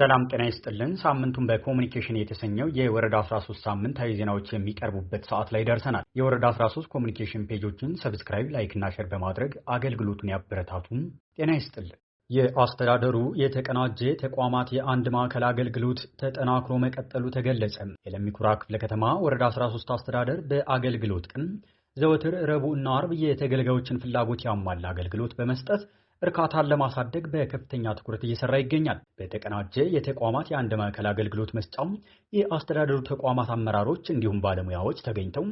ሰላም ጤና ይስጥልን። ሳምንቱን በኮሚኒኬሽን የተሰኘው የወረዳ 13 ሳምንታዊ ዜናዎች የሚቀርቡበት ሰዓት ላይ ደርሰናል። የወረዳ 13 ኮሚኒኬሽን ፔጆችን ሰብስክራይብ፣ ላይክና ሸር በማድረግ አገልግሎቱን ያበረታቱም። ጤና ይስጥልን። የአስተዳደሩ የተቀናጀ ተቋማት የአንድ ማዕከል አገልግሎት ተጠናክሮ መቀጠሉ ተገለጸ። የለሚኩራ ክፍለ ከተማ ወረዳ 13 አስተዳደር በአገልግሎት ቀን ዘወትር ረቡዕና አርብ የተገልጋዮችን ፍላጎት ያሟላ አገልግሎት በመስጠት እርካታን ለማሳደግ በከፍተኛ ትኩረት እየሰራ ይገኛል። በተቀናጀ የተቋማት የአንድ ማዕከል አገልግሎት መስጫም የአስተዳደሩ ተቋማት አመራሮች እንዲሁም ባለሙያዎች ተገኝተው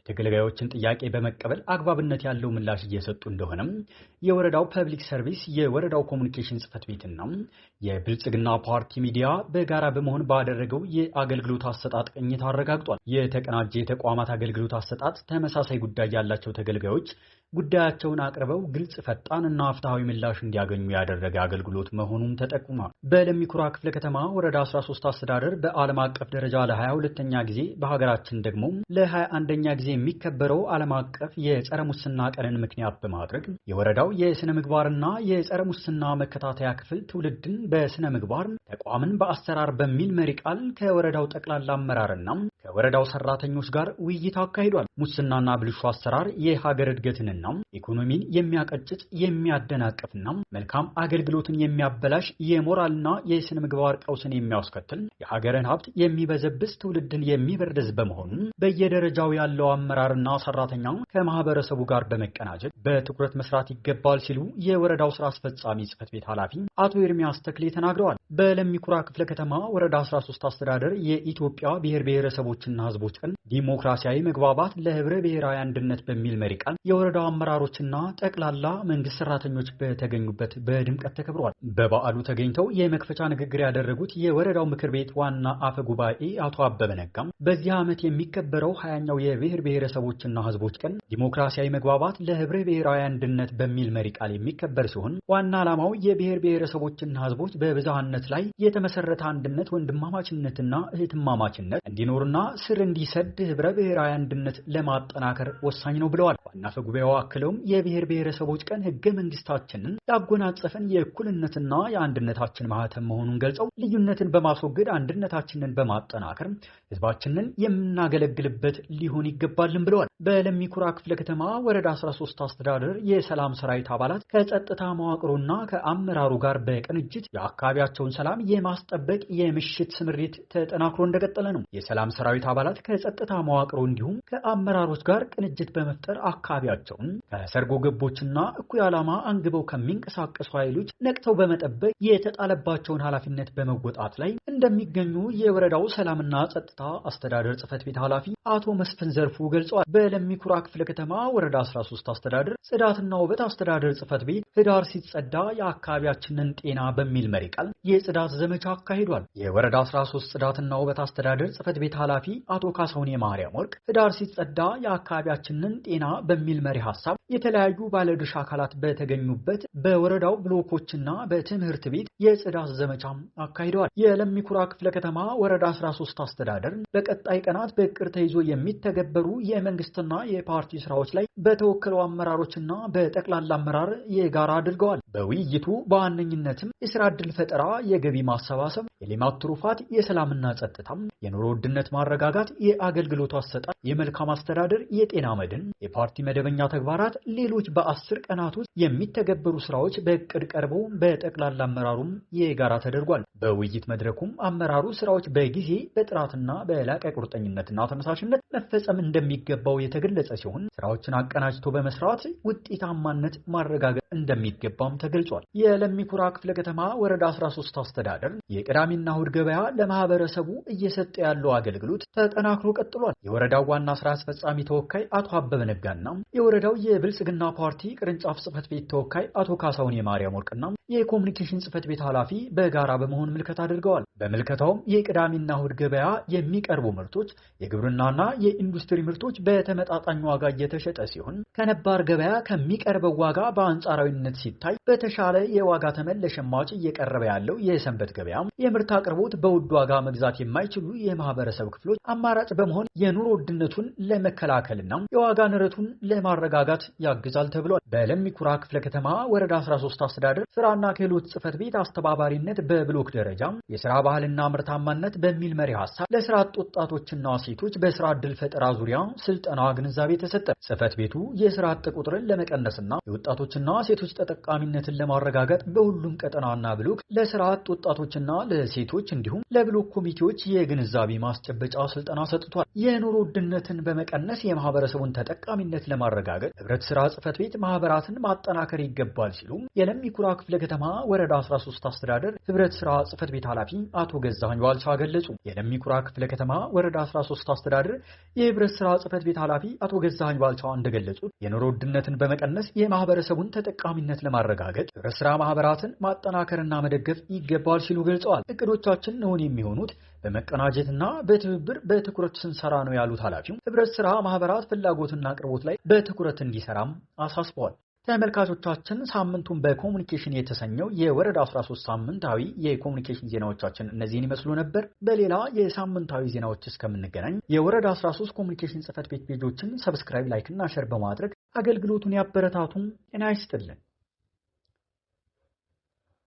የተገልጋዮችን ጥያቄ በመቀበል አግባብነት ያለው ምላሽ እየሰጡ እንደሆነም የወረዳው ፐብሊክ ሰርቪስ የወረዳው ኮሚኒኬሽን ጽህፈት ቤትና የብልጽግና ፓርቲ ሚዲያ በጋራ በመሆን ባደረገው የአገልግሎት አሰጣጥ ቅኝት አረጋግጧል። የተቀናጀ የተቋማት አገልግሎት አሰጣጥ ተመሳሳይ ጉዳይ ያላቸው ተገልጋዮች ጉዳያቸውን አቅርበው ግልጽ፣ እና ፍትሐዊ ምላሽ እንዲያገኙ ያደረገ አገልግሎት መሆኑም ተጠቁሟል። በለሚኩራ ክፍለ ከተማ ወረዳ 13 አስተዳደር በዓለም አቀፍ ደረጃ ለ22ኛ ጊዜ በሀገራችን ደግሞ ለ21ኛ ጊዜ ጊዜ የሚከበረው ዓለም አቀፍ የጸረ ሙስና ቀንን ምክንያት በማድረግ የወረዳው የሥነ ምግባርና የጸረ ሙስና መከታተያ ክፍል ትውልድን በሥነ ምግባር ተቋምን በአሰራር በሚል መሪ ቃል ከወረዳው ጠቅላላ አመራርና ከወረዳው ሰራተኞች ጋር ውይይት አካሂዷል። ሙስናና ብልሹ አሰራር የሀገር እድገትንና ኢኮኖሚን የሚያቀጭጭ የሚያደናቅፍና መልካም አገልግሎትን የሚያበላሽ የሞራልና የሥነ ምግባር ቀውስን የሚያስከትል የሀገርን ሀብት የሚበዘብስ ትውልድን የሚበርደዝ በመሆኑ በየደረጃው ያለው አመራርና ሰራተኛ ከማህበረሰቡ ጋር በመቀናጀት በትኩረት መስራት ይገባል ሲሉ የወረዳው ስራ አስፈጻሚ ጽህፈት ቤት ኃላፊ አቶ ኤርሚያስ ተክሌ ተናግረዋል። በለሚኩራ ክፍለ ከተማ ወረዳ 13 አስተዳደር የኢትዮጵያ ብሔር ብሔረሰቦችና ሕዝቦች ቀን ዲሞክራሲያዊ መግባባት ለህብረ ብሔራዊ አንድነት በሚል መሪ ቃል የወረዳው አመራሮችና ጠቅላላ መንግስት ሰራተኞች በተገኙበት በድምቀት ተከብረዋል። በበዓሉ ተገኝተው የመክፈቻ ንግግር ያደረጉት የወረዳው ምክር ቤት ዋና አፈ ጉባኤ አቶ አበበ ነጋም በዚህ ዓመት የሚከበረው ሀያኛው የብሔር ብሔረሰቦችና ሕዝቦች ቀን ዲሞክራሲያዊ መግባባት ለህብረ ብሔራዊ አንድነት በሚል መሪ ቃል የሚከበር ሲሆን ዋና ዓላማው የብሔር ብሔረሰቦችና ሕዝቦች በብዝሃነት ነጻነት ላይ የተመሰረተ አንድነት፣ ወንድማማችነትና እህትማማችነት እንዲኖርና ስር እንዲሰድ ህብረ ብሔራዊ አንድነት ለማጠናከር ወሳኝ ነው ብለዋል። ዋና አፈ ጉባኤው አክለውም የብሔር ብሔረሰቦች ቀን ህገ መንግስታችንን ያጎናጸፈን የእኩልነትና የአንድነታችን ማህተም መሆኑን ገልጸው ልዩነትን በማስወገድ አንድነታችንን በማጠናከር ህዝባችንን የምናገለግልበት ሊሆን ይገባልን ብለዋል። በለሚኩራ ክፍለ ከተማ ወረዳ 13 አስተዳደር የሰላም ሰራዊት አባላት ከጸጥታ መዋቅሩና ከአመራሩ ጋር በቅንጅት የአካባቢያቸውን ሰላም የማስጠበቅ የምሽት ስምሪት ተጠናክሮ እንደቀጠለ ነው። የሰላም ሰራዊት አባላት ከጸጥታ መዋቅሩ እንዲሁም ከአመራሮች ጋር ቅንጅት በመፍጠር አካባቢያቸውን ከሰርጎ ገቦችና እኩይ ዓላማ አንግበው ከሚንቀሳቀሱ ኃይሎች ነቅተው በመጠበቅ የተጣለባቸውን ኃላፊነት በመወጣት ላይ እንደሚገኙ የወረዳው ሰላምና ጸጥታ አስተዳደር ጽህፈት ቤት ኃላፊ አቶ መስፍን ዘርፉ ገልጸዋል። በለሚ ኩራ ክፍለ ከተማ ወረዳ 13 አስተዳደር ጽዳትና ውበት አስተዳደር ጽፈት ቤት ህዳር ሲጸዳ የአካባቢያችንን ጤና በሚል መሪ ቃል የጽዳት ዘመቻ አካሂዷል። የወረዳ 13 ጽዳትና ውበት አስተዳደር ጽፈት ቤት ኃላፊ አቶ ካሳሁን የማርያም ወርቅ ህዳር ሲጸዳ የአካባቢያችንን ጤና በሚል መሪ ሀሳብ የተለያዩ ባለድርሻ አካላት በተገኙበት በወረዳው ብሎኮችና በትምህርት ቤት የጽዳት ዘመቻም አካሂደዋል። የለሚ ኩራ ክፍለ ከተማ ወረዳ 13 አስተዳደር በቀጣይ ቀናት በእቅድ ተይዞ የሚተገበሩ የመንግስት የመንግስትና የፓርቲ ስራዎች ላይ በተወከሉ አመራሮችና በጠቅላላ አመራር የጋራ አድርገዋል። በውይይቱ በዋነኝነትም የስራ ዕድል ፈጠራ፣ የገቢ ማሰባሰብ፣ የልማት ትሩፋት፣ የሰላምና ጸጥታም፣ የኑሮ ውድነት ማረጋጋት፣ የአገልግሎቱ አሰጣጥ፣ የመልካም አስተዳደር፣ የጤና መድን፣ የፓርቲ መደበኛ ተግባራት፣ ሌሎች በአስር ቀናት ውስጥ የሚተገበሩ ስራዎች በእቅድ ቀርበው በጠቅላላ አመራሩም የጋራ ተደርጓል። በውይይት መድረኩም አመራሩ ስራዎች በጊዜ በጥራትና በላቀ ቁርጠኝነትና ተነሳሽነት መፈጸም እንደሚገባው የተገለጸ ሲሆን ስራዎችን አቀናጅቶ በመስራት ውጤታማነት ማረጋገጥ እንደሚገባም ተገልጿል። የለሚኩራ ክፍለ ከተማ ወረዳ 13 አስተዳደር የቅዳሜና እሁድ ገበያ ለማህበረሰቡ እየሰጠ ያለው አገልግሎት ተጠናክሮ ቀጥሏል። የወረዳው ዋና ስራ አስፈጻሚ ተወካይ አቶ አበበ ነጋና የወረዳው የብልጽግና ፓርቲ ቅርንጫፍ ጽህፈት ቤት ተወካይ አቶ ካሳሁን የማርያም ወርቅና የኮሚኒኬሽን ጽህፈት ቤት ኃላፊ በጋራ በመሆን ምልከት አድርገዋል። በምልከታውም የቅዳሜና እሁድ ገበያ የሚቀርቡ ምርቶች የግብርናና የኢንዱስትሪ ምርቶች በተመጣጣኝ ዋጋ እየተሸጠ ሲሆን ከነባር ገበያ ከሚቀርበው ዋጋ በአንጻ በአንጻራዊነት ሲታይ በተሻለ የዋጋ ተመን ለሸማች እየቀረበ ያለው የሰንበት ገበያ የምርት አቅርቦት በውድ ዋጋ መግዛት የማይችሉ የማህበረሰብ ክፍሎች አማራጭ በመሆን የኑሮ ውድነቱን ለመከላከልና የዋጋ ንረቱን ለማረጋጋት ያግዛል ተብሏል። ኩራ ክፍለ ከተማ ወረዳ 13 አስተዳደር ስራና ክህሎት ጽህፈት ቤት አስተባባሪነት በብሎክ ደረጃ የስራ ባህልና ምርታማነት በሚል መሪ ሀሳብ ለስራ አጥ ወጣቶችና ሴቶች በስራ ዕድል ፈጠራ ዙሪያ ስልጠና ግንዛቤ ተሰጠ። ጽህፈት ቤቱ የስራ አጥ ቁጥርን ለመቀነስና የወጣቶችና ሴቶች ተጠቃሚነትን ለማረጋገጥ በሁሉም ቀጠናና ብሎክ ለስራ አጥ ወጣቶችና ለሴቶች እንዲሁም ለብሎክ ኮሚቴዎች የግንዛቤ ማስጨበጫ ስልጠና ሰጥቷል። የኑሮ ውድነትን በመቀነስ የማህበረሰቡን ተጠቃሚነት ለማረጋገጥ ህብረት ስራ ጽህፈት ቤት ማህበራትን ማጠናከር ይገባል ሲሉም የለሚ ኩራ ክፍለ ከተማ ወረዳ 13 አስተዳደር ህብረት ስራ ጽህፈት ቤት ኃላፊ አቶ ገዛኝ ዋልቻ ገለጹ። የለሚ ኩራ ክፍለ ከተማ ወረዳ 13 አስተዳደር የህብረት ስራ ጽህፈት ቤት ኃላፊ አቶ ገዛኝ ዋልቻ እንደገለጹት የኑሮ ውድነትን በመቀነስ የማህበረሰቡን ተጠቃሚነት ለማረጋገጥ ህብረት ስራ ማህበራትን ማጠናከርና መደገፍ ይገባል ሲሉ ገልጸዋል። እቅዶቻችን ነውን የሚሆኑት በመቀናጀትና በትብብር በትኩረት ስንሰራ ነው ያሉት ኃላፊው ህብረት ስራ ማህበራት ፍላጎትና አቅርቦት ላይ በትኩረት እንዲሰራም አሳስበዋል። ተመልካቾቻችን ሳምንቱን በኮሚኒኬሽን የተሰኘው የወረዳ 13 ሳምንታዊ የኮሚኒኬሽን ዜናዎቻችን እነዚህን ይመስሉ ነበር። በሌላ የሳምንታዊ ዜናዎች እስከምንገናኝ የወረዳ 13 ኮሚኒኬሽን ጽህፈት ቤት ፔጆችን ሰብስክራይብ፣ ላይክ እና ሸር በማድረግ አገልግሎቱን ያበረታቱም። ጤና ይስጥልን።